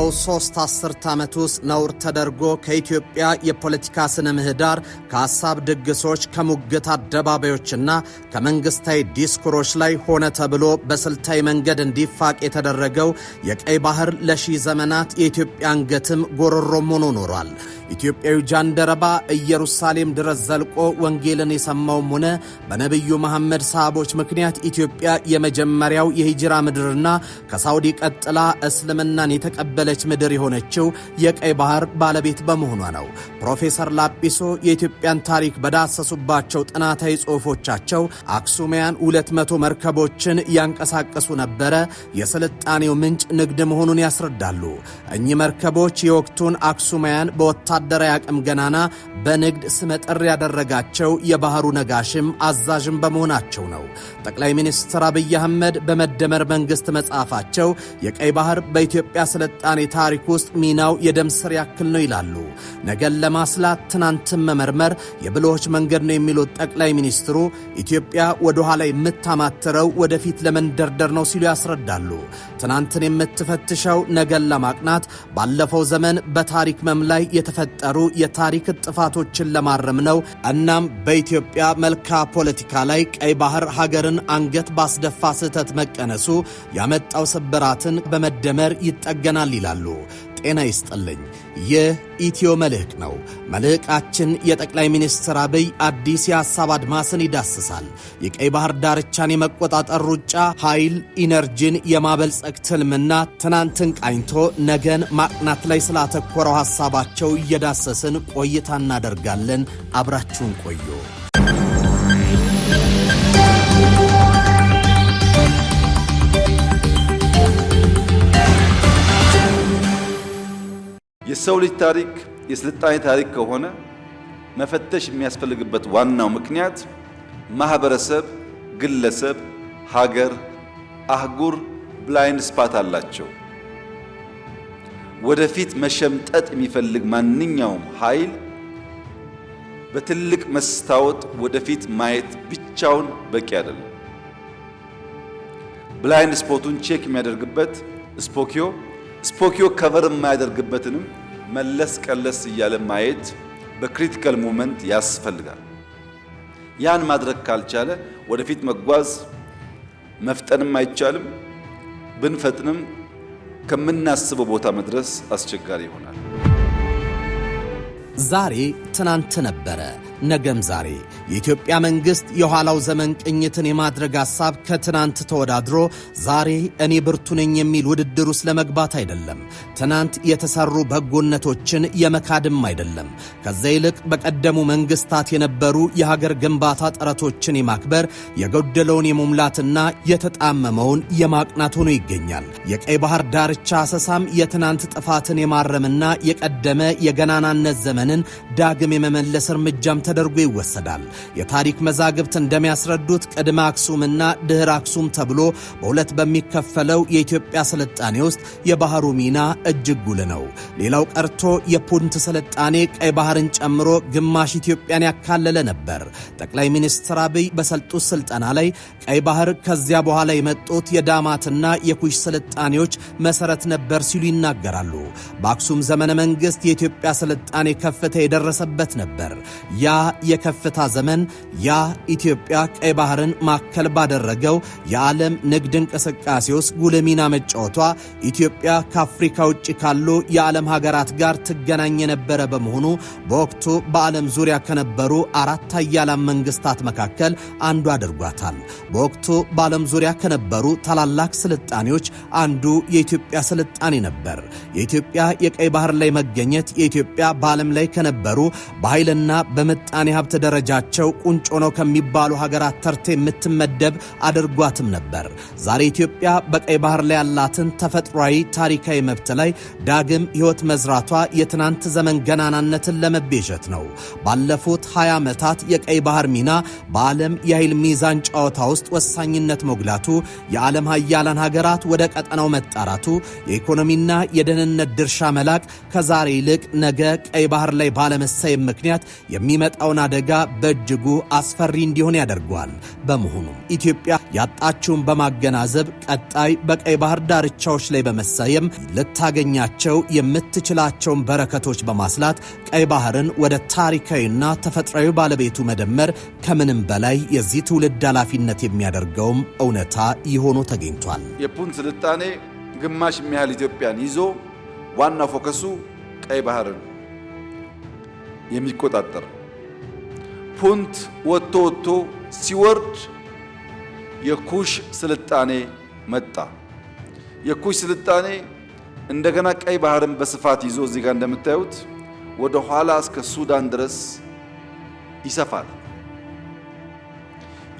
ባለፈው ሶስት አስርት ዓመት ውስጥ ነውር ተደርጎ ከኢትዮጵያ የፖለቲካ ስነ ምህዳር ከሀሳብ ድግሶች፣ ከሙግት አደባባዮችና ከመንግስታዊ ዲስኩሮች ላይ ሆነ ተብሎ በስልታዊ መንገድ እንዲፋቅ የተደረገው የቀይ ባህር ለሺ ዘመናት የኢትዮጵያ አንገትም ጎሮሮም ሆኖ ኖሯል። ኢትዮጵያዊ ጃንደረባ ኢየሩሳሌም ድረስ ዘልቆ ወንጌልን የሰማውም ሆነ በነቢዩ መሐመድ ሰሃቦች ምክንያት ኢትዮጵያ የመጀመሪያው የሂጅራ ምድርና ከሳውዲ ቀጥላ እስልምናን የተቀበለ ያለች ምድር የሆነችው የቀይ ባህር ባለቤት በመሆኗ ነው። ፕሮፌሰር ላጲሶ የኢትዮጵያን ታሪክ በዳሰሱባቸው ጥናታዊ ጽሑፎቻቸው አክሱማያን ሁለት መቶ መርከቦችን ያንቀሳቀሱ ነበረ፣ የስልጣኔው ምንጭ ንግድ መሆኑን ያስረዳሉ። እኚህ መርከቦች የወቅቱን አክሱማያን በወታደራዊ አቅም ገናና በንግድ ስመጠር ያደረጋቸው የባህሩ ነጋሽም አዛዥም በመሆናቸው ነው። ጠቅላይ ሚኒስትር አብይ አህመድ በመደመር መንግስት መጽሐፋቸው የቀይ ባህር በኢትዮጵያ ስልጣኔ በምጣኔ ታሪክ ውስጥ ሚናው የደም ስር ያክል ነው ይላሉ። ነገን ለማስላት ትናንትን መመርመር የብልሆች መንገድ ነው የሚሉት ጠቅላይ ሚኒስትሩ ኢትዮጵያ ወደ ኋላ የምታማትረው ወደፊት ለመንደርደር ነው ሲሉ ያስረዳሉ። ትናንትን የምትፈትሸው ነገን ለማቅናት ባለፈው ዘመን በታሪክ መም ላይ የተፈጠሩ የታሪክ ጥፋቶችን ለማረም ነው። እናም በኢትዮጵያ መልካ ፖለቲካ ላይ ቀይ ባህር ሀገርን አንገት ባስደፋ ስህተት መቀነሱ ያመጣው ስብራትን በመደመር ይጠገናል ይላል። ይላሉ። ጤና ይስጥልኝ። ይህ ኢትዮ መልሕቅ ነው። መልሕቃችን የጠቅላይ ሚኒስትር አብይ አዲስ የሐሳብ አድማስን ይዳስሳል። የቀይ ባህር ዳርቻን የመቆጣጠር ሩጫ፣ ኃይል ኢነርጂን የማበልጸግ ትልምና ትናንትን ቃኝቶ ነገን ማቅናት ላይ ስላተኮረው ሐሳባቸው እየዳሰስን ቆይታ እናደርጋለን። አብራችሁን ቆዩ። የሰው ልጅ ታሪክ የስልጣኔ ታሪክ ከሆነ መፈተሽ የሚያስፈልግበት ዋናው ምክንያት ማህበረሰብ፣ ግለሰብ፣ ሀገር፣ አህጉር ብላይንድ ስፓት አላቸው። ወደፊት መሸምጠጥ የሚፈልግ ማንኛውም ኃይል በትልቅ መስታወት ወደፊት ማየት ብቻውን በቂ አይደለም። ብላይንድ ስፖቱን ቼክ የሚያደርግበት ስፖኪዮ ስፖኪዮ ከቨር የማያደርግበትንም መለስ ቀለስ እያለ ማየት በክሪቲካል ሙመንት ያስፈልጋል። ያን ማድረግ ካልቻለ ወደፊት መጓዝ መፍጠንም አይቻልም። ብንፈጥንም ከምናስበው ቦታ መድረስ አስቸጋሪ ይሆናል። ዛሬ ትናንት ነበረ፣ ነገም ዛሬ። የኢትዮጵያ መንግሥት የኋላው ዘመን ቅኝትን የማድረግ ሐሳብ ከትናንት ተወዳድሮ ዛሬ እኔ ብርቱ ነኝ የሚል ውድድር ውስጥ ለመግባት አይደለም። ትናንት የተሰሩ በጎነቶችን የመካድም አይደለም። ከዚያ ይልቅ በቀደሙ መንግሥታት የነበሩ የሀገር ግንባታ ጥረቶችን የማክበር የጎደለውን የመሙላትና የተጣመመውን የማቅናት ሆኖ ይገኛል። የቀይ ባህር ዳርቻ አሰሳም የትናንት ጥፋትን የማረምና የቀደመ የገናናነት ዘመን ዘመንን ዳግም የመመለስ እርምጃም ተደርጎ ይወሰዳል። የታሪክ መዛግብት እንደሚያስረዱት ቅድመ አክሱምና ድኅረ አክሱም ተብሎ በሁለት በሚከፈለው የኢትዮጵያ ስልጣኔ ውስጥ የባህሩ ሚና እጅግ ጉል ነው። ሌላው ቀርቶ የፑንት ስልጣኔ ቀይ ባህርን ጨምሮ ግማሽ ኢትዮጵያን ያካለለ ነበር። ጠቅላይ ሚኒስትር አብይ በሰጡት ስልጠና ላይ ቀይ ባህር ከዚያ በኋላ የመጡት የዳማትና የኩሽ ስልጣኔዎች መሰረት ነበር ሲሉ ይናገራሉ። በአክሱም ዘመነ መንግስት የኢትዮጵያ ስልጣኔ ከፍታ የደረሰበት ነበር። ያ የከፍታ ዘመን ያ ኢትዮጵያ ቀይ ባህርን ማዕከል ባደረገው የዓለም ንግድ እንቅስቃሴ ውስጥ ጉልህ ሚና መጫወቷ ኢትዮጵያ ከአፍሪካ ውጭ ካሉ የዓለም ሀገራት ጋር ትገናኝ የነበረ በመሆኑ በወቅቱ በዓለም ዙሪያ ከነበሩ አራት አያላም መንግስታት መካከል አንዱ አድርጓታል። በወቅቱ በዓለም ዙሪያ ከነበሩ ታላላቅ ስልጣኔዎች አንዱ የኢትዮጵያ ስልጣኔ ነበር። የኢትዮጵያ የቀይ ባህር ላይ መገኘት የኢትዮጵያ በዓለም ላይ ላይ ከነበሩ በኃይልና በምጣኔ ሀብት ደረጃቸው ቁንጮ ነው ከሚባሉ ሀገራት ተርታ የምትመደብ አድርጓትም ነበር። ዛሬ ኢትዮጵያ በቀይ ባህር ላይ ያላትን ተፈጥሯዊ ታሪካዊ መብት ላይ ዳግም ሕይወት መዝራቷ የትናንት ዘመን ገናናነትን ለመቤዠት ነው። ባለፉት 20 ዓመታት የቀይ ባህር ሚና በዓለም የኃይል ሚዛን ጨዋታ ውስጥ ወሳኝነት መጉላቱ፣ የዓለም ሀያላን ሀገራት ወደ ቀጠናው መጣራቱ፣ የኢኮኖሚና የደህንነት ድርሻ መላቅ ከዛሬ ይልቅ ነገ ቀይ ባህር ባህር ላይ ባለመሳየም ምክንያት የሚመጣውን አደጋ በእጅጉ አስፈሪ እንዲሆን ያደርገዋል። በመሆኑም ኢትዮጵያ ያጣችውን በማገናዘብ ቀጣይ በቀይ ባህር ዳርቻዎች ላይ በመሳየም ልታገኛቸው የምትችላቸውን በረከቶች በማስላት ቀይ ባህርን ወደ ታሪካዊና ተፈጥሯዊ ባለቤቱ መደመር ከምንም በላይ የዚህ ትውልድ ኃላፊነት የሚያደርገውም እውነታ ይሆኖ ተገኝቷል። የፑንት ስልጣኔ ግማሽ የሚያህል ኢትዮጵያን ይዞ ዋና ፎከሱ ቀይ ባህርን የሚቆጣጠር ፑንት ወጥቶ ወጥቶ ሲወርድ የኩሽ ስልጣኔ መጣ። የኩሽ ስልጣኔ እንደገና ቀይ ባህርን በስፋት ይዞ እዚህ ጋር እንደምታዩት ወደ ኋላ እስከ ሱዳን ድረስ ይሰፋል።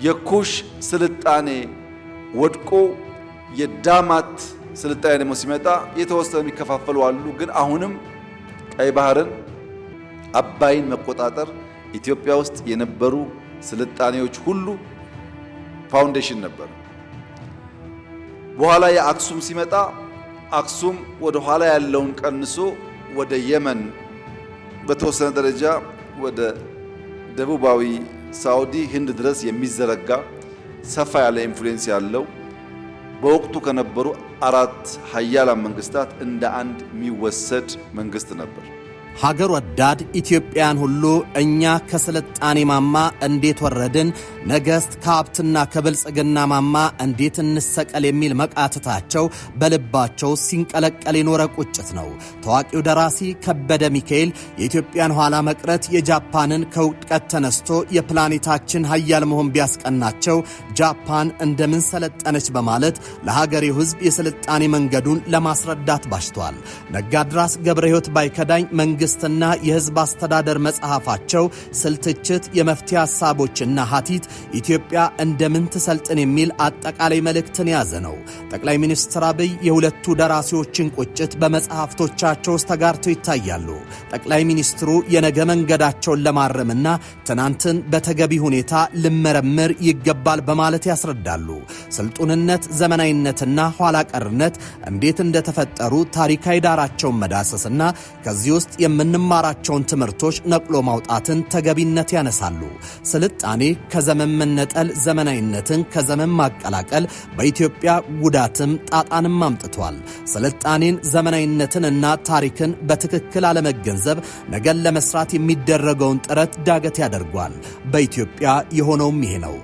የኩሽ ስልጣኔ ወድቆ የዳማት ስልጣኔ ደግሞ ሲመጣ የተወሰኑ የሚከፋፈሉ አሉ። ግን አሁንም ቀይ ባህርን አባይን መቆጣጠር ኢትዮጵያ ውስጥ የነበሩ ስልጣኔዎች ሁሉ ፋውንዴሽን ነበር። በኋላ የአክሱም ሲመጣ አክሱም ወደ ኋላ ያለውን ቀንሶ ወደ የመን በተወሰነ ደረጃ ወደ ደቡባዊ ሳውዲ ህንድ ድረስ የሚዘረጋ ሰፋ ያለ ኢንፍሉዌንስ ያለው በወቅቱ ከነበሩ አራት ሀያላን መንግስታት እንደ አንድ የሚወሰድ መንግስት ነበር። ሀገር ወዳድ ኢትዮጵያን ሁሉ እኛ ከስልጣኔ ማማ እንዴት ወረድን፣ ነገሥት ከሀብትና ከብልጽግና ማማ እንዴት እንሰቀል የሚል መቃተታቸው በልባቸው ሲንቀለቀል የኖረ ቁጭት ነው። ታዋቂው ደራሲ ከበደ ሚካኤል የኢትዮጵያን ኋላ መቅረት የጃፓንን ከውድቀት ተነስቶ የፕላኔታችን ሀያል መሆን ቢያስቀናቸው ጃፓን እንደምን ሰለጠነች በማለት ለሀገሬው ሕዝብ የስልጣኔ መንገዱን ለማስረዳት ባሽቷል። ነጋድራስ ገብረ ሕይወት ባይከዳኝ መንገ መንግስትና የህዝብ አስተዳደር መጽሐፋቸው ስልትችት፣ የመፍትሄ ሀሳቦችና ሀቲት ኢትዮጵያ እንደምን ትሰልጥን የሚል አጠቃላይ መልእክትን የያዘ ነው። ጠቅላይ ሚኒስትር አብይ የሁለቱ ደራሲዎችን ቁጭት በመጽሐፍቶቻቸው ውስጥ ተጋርተው ይታያሉ። ጠቅላይ ሚኒስትሩ የነገ መንገዳቸውን ለማረምና ትናንትን በተገቢ ሁኔታ ልመረምር ይገባል በማለት ያስረዳሉ። ስልጡንነት፣ ዘመናዊነትና ኋላ ቀርነት እንዴት እንደተፈጠሩ ታሪካዊ ዳራቸውን መዳሰስና ከዚህ ውስጥ የ የምንማራቸውን ትምህርቶች ነቅሎ ማውጣትን ተገቢነት ያነሳሉ። ስልጣኔ ከዘመን መነጠል፣ ዘመናዊነትን ከዘመን ማቀላቀል በኢትዮጵያ ጉዳትም ጣጣንም አምጥቷል። ስልጣኔን፣ ዘመናዊነትን እና ታሪክን በትክክል አለመገንዘብ ነገን ለመስራት የሚደረገውን ጥረት ዳገት ያደርጓል። በኢትዮጵያ የሆነውም ይሄ ነው።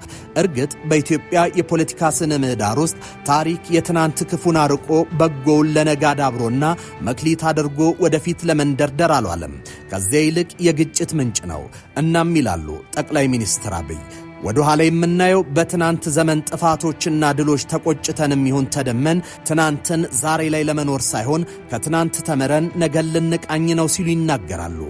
እርግጥ በኢትዮጵያ የፖለቲካ ስነ ምህዳር ውስጥ ታሪክ የትናንት ክፉን አርቆ በጎውን ለነጋ ዳብሮና መክሊት አድርጎ ወደፊት ለመንደርደር አሏለም። ከዚያ ይልቅ የግጭት ምንጭ ነው። እናም ይላሉ ጠቅላይ ሚኒስትር አብይ ወደ ኋላ የምናየው በትናንት ዘመን ጥፋቶችና ድሎች ተቆጭተንም ይሁን ተደመን ትናንትን ዛሬ ላይ ለመኖር ሳይሆን ከትናንት ተምረን ነገን ልንቃኝ ነው ሲሉ ይናገራሉ።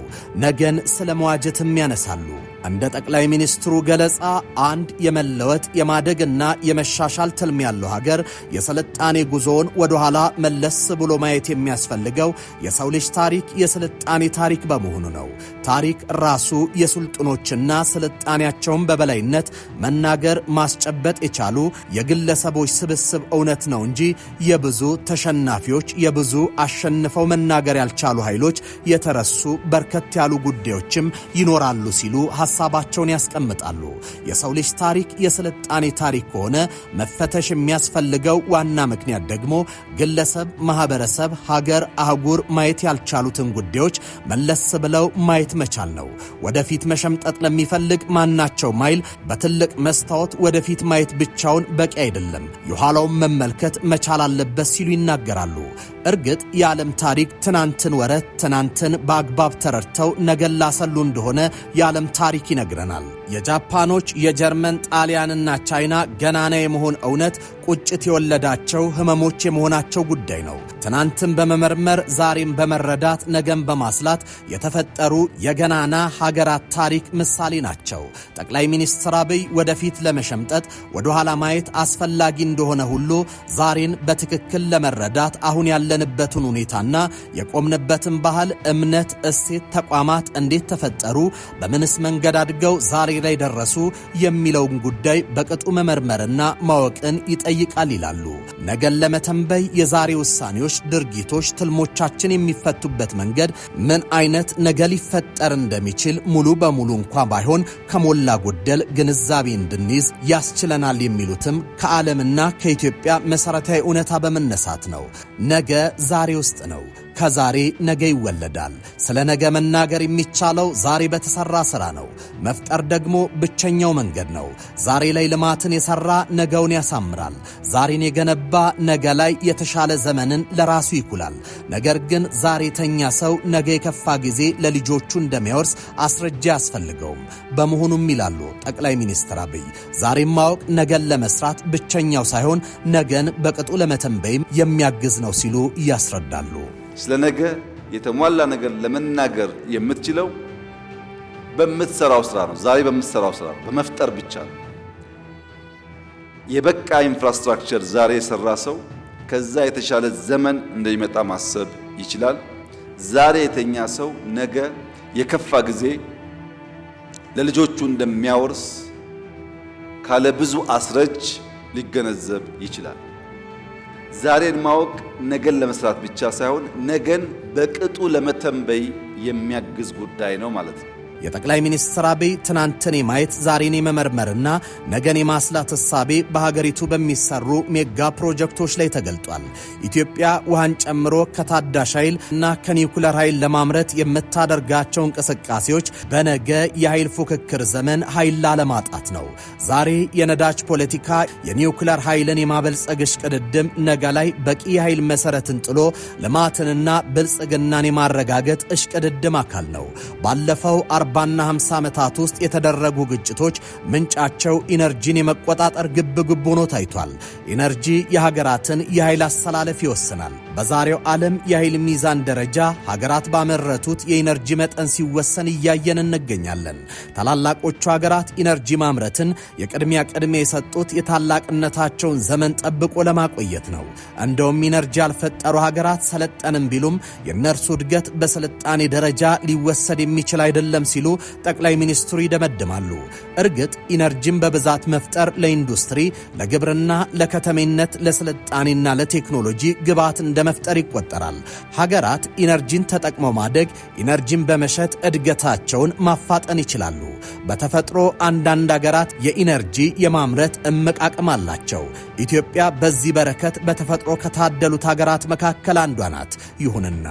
ነገን ስለ መዋጀትም ያነሳሉ። እንደ ጠቅላይ ሚኒስትሩ ገለጻ አንድ የመለወጥ የማደግና የመሻሻል ትልም ያለው ሀገር የስልጣኔ ጉዞውን ወደኋላ መለስ ብሎ ማየት የሚያስፈልገው የሰው ልጅ ታሪክ የስልጣኔ ታሪክ በመሆኑ ነው። ታሪክ ራሱ የሱልጥኖችና ስልጣኔያቸውን በበላይነት መናገር ማስጨበጥ የቻሉ የግለሰቦች ስብስብ እውነት ነው እንጂ የብዙ ተሸናፊዎች የብዙ አሸንፈው መናገር ያልቻሉ ኃይሎች የተረሱ በርከት ያሉ ጉዳዮችም ይኖራሉ ሲሉ ሐሳባቸውን ያስቀምጣሉ። የሰው ልጅ ታሪክ የስልጣኔ ታሪክ ከሆነ መፈተሽ የሚያስፈልገው ዋና ምክንያት ደግሞ ግለሰብ፣ ማህበረሰብ፣ ሀገር፣ አህጉር ማየት ያልቻሉትን ጉዳዮች መለስ ብለው ማየት መቻል ነው። ወደፊት መሸምጠጥ ለሚፈልግ ማናቸው ማይል በትልቅ መስታወት ወደፊት ማየት ብቻውን በቂ አይደለም፣ የኋላውን መመልከት መቻል አለበት ሲሉ ይናገራሉ። እርግጥ የዓለም ታሪክ ትናንትን ወረት ትናንትን በአግባብ ተረድተው ነገን ላሰሉ እንደሆነ የዓለም ታሪክ kinagranal. የጃፓኖች የጀርመን፣ ጣሊያንና ቻይና ገናና የመሆን እውነት ቁጭት የወለዳቸው ህመሞች የመሆናቸው ጉዳይ ነው። ትናንትን በመመርመር ዛሬም በመረዳት ነገን በማስላት የተፈጠሩ የገናና ሀገራት ታሪክ ምሳሌ ናቸው። ጠቅላይ ሚኒስትር አብይ ወደፊት ለመሸምጠጥ ወደኋላ ማየት አስፈላጊ እንደሆነ ሁሉ ዛሬን በትክክል ለመረዳት አሁን ያለንበትን ሁኔታና የቆምንበትን ባህል፣ እምነት፣ እሴት፣ ተቋማት እንዴት ተፈጠሩ፣ በምንስ መንገድ አድገው ዛሬ ላይ ደረሱ የሚለውን ጉዳይ በቅጡ መመርመርና ማወቅን ይጠይቃል ይላሉ። ነገን ለመተንበይ የዛሬ ውሳኔዎች፣ ድርጊቶች፣ ትልሞቻችን የሚፈቱበት መንገድ ምን አይነት ነገ ሊፈጠር እንደሚችል ሙሉ በሙሉ እንኳ ባይሆን ከሞላ ጎደል ግንዛቤ እንድንይዝ ያስችለናል የሚሉትም ከዓለምና ከኢትዮጵያ መሠረታዊ እውነታ በመነሳት ነው። ነገ ዛሬ ውስጥ ነው። ከዛሬ ነገ ይወለዳል። ስለ ነገ መናገር የሚቻለው ዛሬ በተሰራ ስራ ነው። መፍጠር ደግሞ ብቸኛው መንገድ ነው። ዛሬ ላይ ልማትን የሰራ ነገውን ያሳምራል። ዛሬን የገነባ ነገ ላይ የተሻለ ዘመንን ለራሱ ይኩላል። ነገር ግን ዛሬ የተኛ ሰው ነገ የከፋ ጊዜ ለልጆቹ እንደሚያወርስ አስረጃ አያስፈልገውም። በመሆኑም ይላሉ ጠቅላይ ሚኒስትር አብይ ዛሬ ማወቅ ነገን ለመስራት ብቸኛው ሳይሆን ነገን በቅጡ ለመተንበይም የሚያግዝ ነው ሲሉ ያስረዳሉ። ስለ ነገ የተሟላ ነገር ለመናገር የምትችለው በምትሰራው ስራ ነው። ዛሬ በምትሰራው ስራ ነው፣ በመፍጠር ብቻ ነው። የበቃ ኢንፍራስትራክቸር ዛሬ የሰራ ሰው ከዛ የተሻለ ዘመን እንደሚመጣ ማሰብ ይችላል። ዛሬ የተኛ ሰው ነገ የከፋ ጊዜ ለልጆቹ እንደሚያወርስ ካለ ብዙ አስረጅ ሊገነዘብ ይችላል። ዛሬን ማወቅ ነገን ለመስራት ብቻ ሳይሆን ነገን በቅጡ ለመተንበይ የሚያግዝ ጉዳይ ነው ማለት ነው። የጠቅላይ ሚኒስትር አብይ ትናንትን የማየት ዛሬን የመመርመርና ነገን የማስላት እሳቤ በሀገሪቱ በሚሰሩ ሜጋ ፕሮጀክቶች ላይ ተገልጧል። ኢትዮጵያ ውሃን ጨምሮ ከታዳሽ ኃይል እና ከኒኩለር ኃይል ለማምረት የምታደርጋቸው እንቅስቃሴዎች በነገ የኃይል ፉክክር ዘመን ኃይል ላለማጣት ነው። ዛሬ የነዳጅ ፖለቲካ የኒኩለር ኃይልን የማበልጸግ እሽቅድድም ነገ ላይ በቂ የኃይል መሰረትን ጥሎ ልማትንና ብልጽግናን የማረጋገጥ እሽቅድድም አካል ነው። ባለፈው በ40ና 50 ዓመታት ውስጥ የተደረጉ ግጭቶች ምንጫቸው ኢነርጂን የመቆጣጠር ግብ ግብ ሆኖ ታይቷል። ኢነርጂ የሀገራትን የኃይል አሰላለፍ ይወስናል። በዛሬው ዓለም የኃይል ሚዛን ደረጃ ሀገራት ባመረቱት የኢነርጂ መጠን ሲወሰን እያየን እንገኛለን። ታላላቆቹ ሀገራት ኢነርጂ ማምረትን የቅድሚያ ቅድሚያ የሰጡት የታላቅነታቸውን ዘመን ጠብቆ ለማቆየት ነው። እንደውም ኢነርጂ ያልፈጠሩ ሀገራት ሰለጠንም ቢሉም የእነርሱ እድገት በስልጣኔ ደረጃ ሊወሰድ የሚችል አይደለም ሲሉ ጠቅላይ ሚኒስትሩ ይደመድማሉ። እርግጥ ኢነርጂን በብዛት መፍጠር ለኢንዱስትሪ፣ ለግብርና፣ ለከተሜነት፣ ለስልጣኔና ለቴክኖሎጂ ግብዓት እንደ መፍጠር ይቆጠራል። ሀገራት ኢነርጂን ተጠቅመው ማደግ፣ ኢነርጂን በመሸጥ እድገታቸውን ማፋጠን ይችላሉ። በተፈጥሮ አንዳንድ ሀገራት የኢነርጂ የማምረት እምቅ አቅም አላቸው። ኢትዮጵያ በዚህ በረከት በተፈጥሮ ከታደሉት ሀገራት መካከል አንዷ ናት። ይሁንና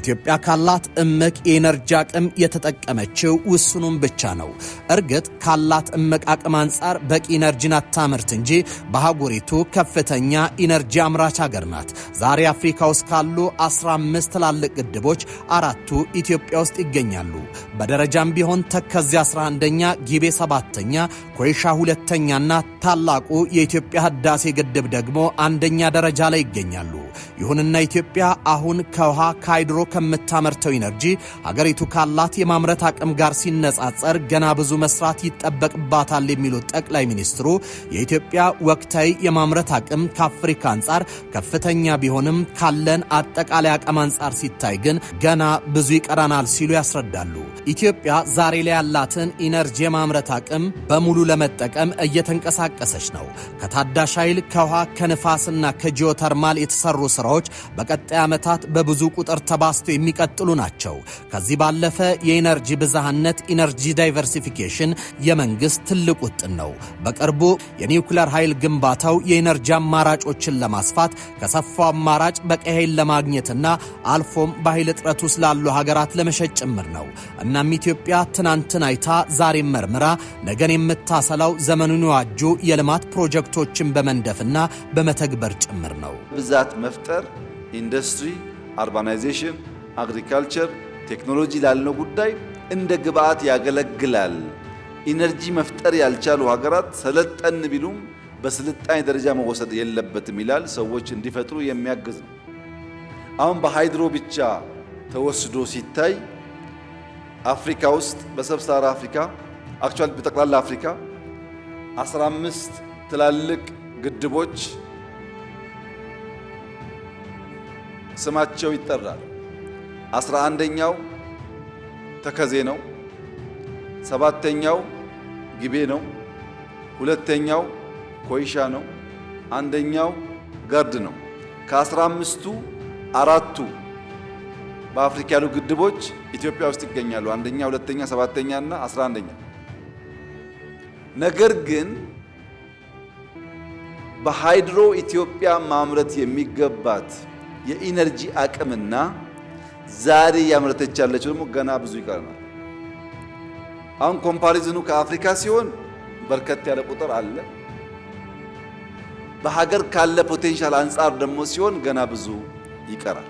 ኢትዮጵያ ካላት እምቅ የኢነርጂ አቅም የተጠቀመችው ውስኑን ብቻ ነው። እርግጥ ካላት እምቅ አቅም አንጻር በቂ ኢነርጂን አታምርት እንጂ በአህጉሪቱ ከፍተኛ ኢነርጂ አምራች ሀገር ናት። ዛሬ አፍሪካ አፍሪካ ውስጥ ካሉ 15 ትላልቅ ግድቦች አራቱ ኢትዮጵያ ውስጥ ይገኛሉ። በደረጃም ቢሆን ተከዜ 11ኛ፣ ጊቤ 7 ኮይሻ ሁለተኛና ታላቁ የኢትዮጵያ ህዳሴ ግድብ ደግሞ አንደኛ ደረጃ ላይ ይገኛሉ። ይሁንና ኢትዮጵያ አሁን ከውሃ ከሃይድሮ ከምታመርተው ኢነርጂ ሀገሪቱ ካላት የማምረት አቅም ጋር ሲነጻጸር ገና ብዙ መስራት ይጠበቅባታል የሚሉት ጠቅላይ ሚኒስትሩ የኢትዮጵያ ወቅታዊ የማምረት አቅም ከአፍሪካ አንጻር ከፍተኛ ቢሆንም ካለን አጠቃላይ አቅም አንጻር ሲታይ ግን ገና ብዙ ይቀራናል ሲሉ ያስረዳሉ። ኢትዮጵያ ዛሬ ላይ ያላትን ኢነርጂ የማምረት አቅም በሙሉ ለመጠቀም እየተንቀሳቀሰች ነው። ከታዳሽ ኃይል፣ ከውሃ፣ ከንፋስና ከጂኦተርማል የተሰሩ የተሰሩ ስራዎች በቀጣይ ዓመታት በብዙ ቁጥር ተባስተው የሚቀጥሉ ናቸው። ከዚህ ባለፈ የኢነርጂ ብዝሃነት ኢነርጂ ዳይቨርሲፊኬሽን የመንግስት ትልቅ ውጥን ነው። በቅርቡ የኒውክለር ኃይል ግንባታው የኢነርጂ አማራጮችን ለማስፋት ከሰፋው አማራጭ በቀይ ኃይል ለማግኘትና አልፎም በኃይል እጥረት ውስጥ ላሉ ሀገራት ለመሸጥ ጭምር ነው። እናም ኢትዮጵያ ትናንትን አይታ ዛሬ መርምራ ነገን የምታሰላው ዘመኑን የዋጁ የልማት ፕሮጀክቶችን በመንደፍና በመተግበር ጭምር ነው። ብዛት መፍጠር ኢንዱስትሪ፣ አርባናይዜሽን፣ አግሪካልቸር፣ ቴክኖሎጂ ላልነው ጉዳይ እንደ ግብአት ያገለግላል። ኢነርጂ መፍጠር ያልቻሉ ሀገራት ሰለጠን ቢሉም በስልጣኔ ደረጃ መወሰድ የለበትም ይላል። ሰዎች እንዲፈጥሩ የሚያግዝ ነው። አሁን በሃይድሮ ብቻ ተወስዶ ሲታይ አፍሪካ ውስጥ በሰብሳር አፍሪካ አክቹዋሊ በጠቅላላ አፍሪካ 15 ትላልቅ ግድቦች ስማቸው ይጠራል። አስራ አንደኛው ተከዜ ነው። ሰባተኛው ግቤ ነው። ሁለተኛው ኮይሻ ነው። አንደኛው ጋርድ ነው። ከአስራ አምስቱ አራቱ በአፍሪካ ያሉ ግድቦች ኢትዮጵያ ውስጥ ይገኛሉ። አንደኛ፣ ሁለተኛ፣ ሰባተኛ እና አስራ አንደኛ። ነገር ግን በሃይድሮ ኢትዮጵያ ማምረት የሚገባት የኢነርጂ አቅምና ዛሬ ያመረተች ያለችው ደግሞ ገና ብዙ ይቀርናል። አሁን ኮምፓሪዝኑ ከአፍሪካ ሲሆን በርከት ያለ ቁጥር አለ። በሀገር ካለ ፖቴንሻል አንጻር ደግሞ ሲሆን ገና ብዙ ይቀራል።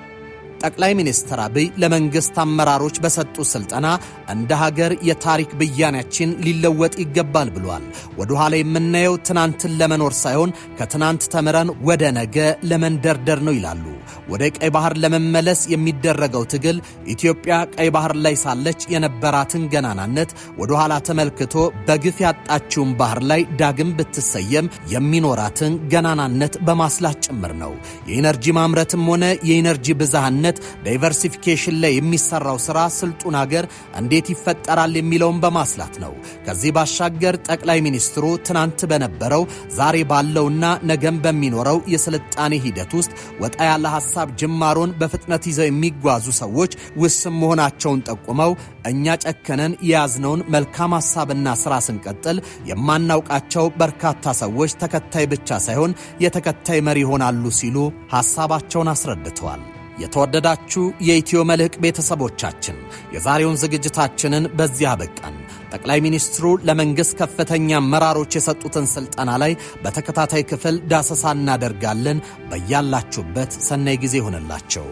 ጠቅላይ ሚኒስትር አብይ ለመንግስት አመራሮች በሰጡ ስልጠና እንደ ሀገር የታሪክ ብያኔያችን ሊለወጥ ይገባል ብሏል። ወደ ኋላ የምናየው ትናንትን ለመኖር ሳይሆን ከትናንት ተምረን ወደ ነገ ለመንደርደር ነው ይላሉ። ወደ ቀይ ባህር ለመመለስ የሚደረገው ትግል ኢትዮጵያ ቀይ ባህር ላይ ሳለች የነበራትን ገናናነት ወደ ኋላ ተመልክቶ በግፍ ያጣችውን ባህር ላይ ዳግም ብትሰየም የሚኖራትን ገናናነት በማስላት ጭምር ነው። የኢነርጂ ማምረትም ሆነ የኢነርጂ ብዝሃነት ዳይቨርሲፊኬሽን ላይ የሚሰራው ስራ ስልጡን አገር እንዴት ይፈጠራል የሚለውን በማስላት ነው። ከዚህ ባሻገር ጠቅላይ ሚኒስትሩ ትናንት በነበረው ዛሬ ባለውና ነገም በሚኖረው የስልጣኔ ሂደት ውስጥ ወጣ ያለ ሀሳብ ጅማሮን በፍጥነት ይዘው የሚጓዙ ሰዎች ውስን መሆናቸውን ጠቁመው እኛ ጨከነን የያዝነውን መልካም ሀሳብና ስራ ስንቀጥል የማናውቃቸው በርካታ ሰዎች ተከታይ ብቻ ሳይሆን የተከታይ መሪ ይሆናሉ ሲሉ ሀሳባቸውን አስረድተዋል። የተወደዳችሁ የኢትዮ መልሕቅ ቤተሰቦቻችን የዛሬውን ዝግጅታችንን በዚያ በቃን። ጠቅላይ ሚኒስትሩ ለመንግስት ከፍተኛ አመራሮች የሰጡትን ስልጠና ላይ በተከታታይ ክፍል ዳሰሳ እናደርጋለን። በያላችሁበት ሰናይ ጊዜ ይሆንላቸው።